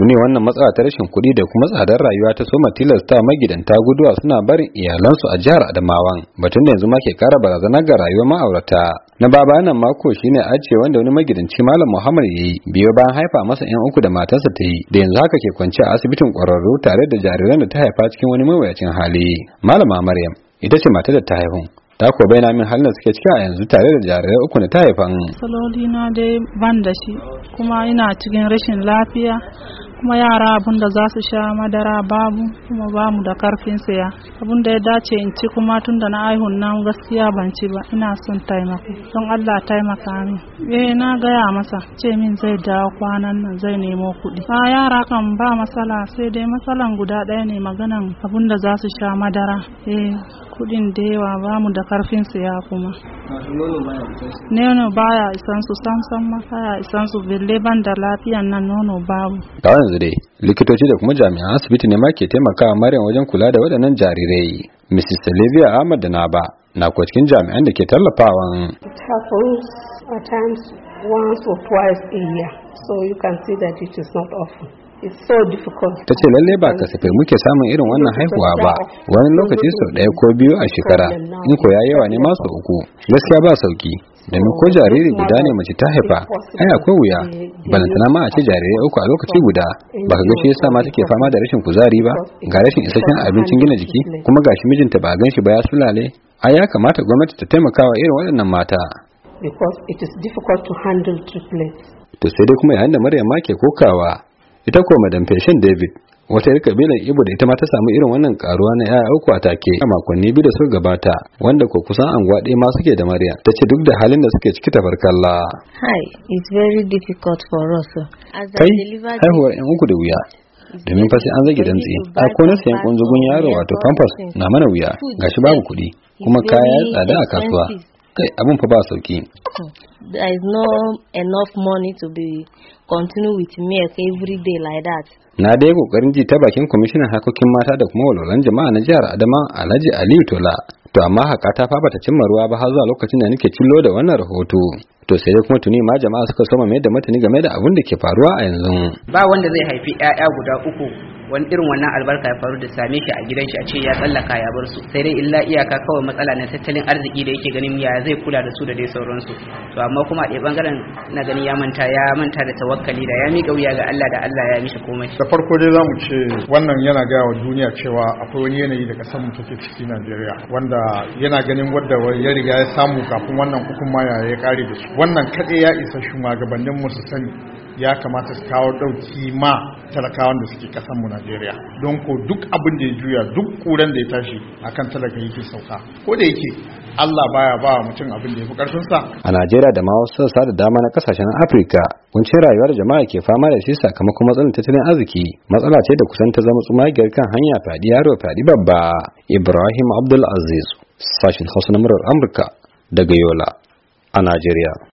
tuni wannan matsala ta rashin kuɗi da kuma tsadar rayuwa ta soma tilasta magidanta guduwa suna barin iyalansu a jihar Adamawan batun da yanzu ma ke kara barazana ga rayuwar ma'aurata na baba nan mako shine ace wanda wani magidanci malam Muhammad yi biyo bayan haifa masa yan uku da matarsa ta yi da yanzu haka ke kwance a asibitin ƙwararru tare da jariran da ta haifa cikin wani mawuyacin hali malama Maryam ita ce matar da ta haihu ta ko bai min halin da suke ciki a yanzu tare da jarirai uku na ta haifan. Saloli na dai ban da shi kuma ina cikin rashin lafiya kuma yara abun da za su sha madara babu kuma ba mu da karfin saya abun da ya dace in ci kuma tun da na aihun nan gaskiya ban ci ba ina son taimako don Allah taimaka min eh na gaya masa ce min zai dawo kwanan nan zai nemo kuɗi a yara kan ba matsala sai dai matsalan guda ɗaya ne maganan abun da za su sha madara eh kuɗin da yawa ba mu da karfin saya kuma nono baya isan su sam sam ma baya isan su bille ban da lafiyan nan nono babu yanzu dai likitoci da kuma jami'an asibiti ne ma ke taimakawa maryam wajen kula da waɗannan jarirai mrs olivia ahmad da na ba na kuwa jami'an da ke tallafawan So you can see that it is not often. ta ce lalle ba kasafai muke samun irin wannan haihuwa ba wani lokaci sau ɗaya ko biyu a shekara in ko ya yawa ne masu uku gaskiya ba sauki domin ko jariri guda ne mace ta haifa ai akwai wuya balantana ma a ce jarirai uku a lokaci guda ba ka gashi sa mata ke fama da rashin kuzari ba ga rashin isasshen abincin gina jiki kuma gashi mijinta ba a gan shi ba ya sulale ai ya kamata gwamnati ta taimakawa irin waɗannan mata because it is to sai dai kuma yayin da Maryam ma ke kokawa ita ko madam feshin david wata yar kabilar ibo da ita ma ta samu irin wannan karuwa na yaya uku a take a makonni biyu da suka gabata wanda ko kusan anguwa ɗaya ma suke da maryam ta ce duk da halin da suke ciki ta hi it's very difficult for us kai haihuwar yan uku da wuya domin fa sai an zage dantse a ko na sayan kunzugun yaro wato pampers na mana wuya gashi babu kuɗi kuma kaya tsada a kasuwa sai abin fa ba sauki there is no enough money to be continue with milk every day like that na dai kokarin ji ta bakin kwamishinan harkokin mata da kuma walwalan jama'a na jihar Adama Alhaji Aliyu Tola to amma haka ta fa bata cimma ruwa ba har zuwa lokacin da nake cillo da wannan rahoto to sai dai kuma tuni ma jama'a suka soma mai da matani game da abin da ke faruwa a yanzu ba wanda zai haifi 'ya'ya guda uku wani irin wannan albarka ya faru da same shi a gidan shi a ce ya tsallaka ya bar su sai dai illa iyaka kawai matsala na tattalin arziki da yake ganin ya zai kula da su da dai sauransu to amma kuma a bangaren na gani ya manta ya manta da tawakkali da ya miƙa wuya ga Allah da Allah ya mishi komai da farko dai zamu ce wannan yana ga wa duniya cewa akwai wani yanayi da kasan mu take ciki Najeriya wanda yana ganin wadda ya riga ya samu kafin wannan hukuma ya ya kare da su wannan kaɗai ya isa shugabannin mu su sani ya kamata su kawo ɗauki ma talakawan da suke kasan mu najeriya don ko duk abin da ya juya duk ƙuran da ya tashi akan talaka yake sauka ko da yake allah baya ba mutum abin da ya fi sa. a najeriya da ma wasu sassa da dama na kasashen afirka rayuwa rayuwar jama'a ke fama da shi sakamakon matsalar tattalin arziki matsala ce da kusan ta zama tsumagiyar kan hanya fadi yaro fadi babba ibrahim abdul aziz sashin hausa na murar amurka daga yola a najeriya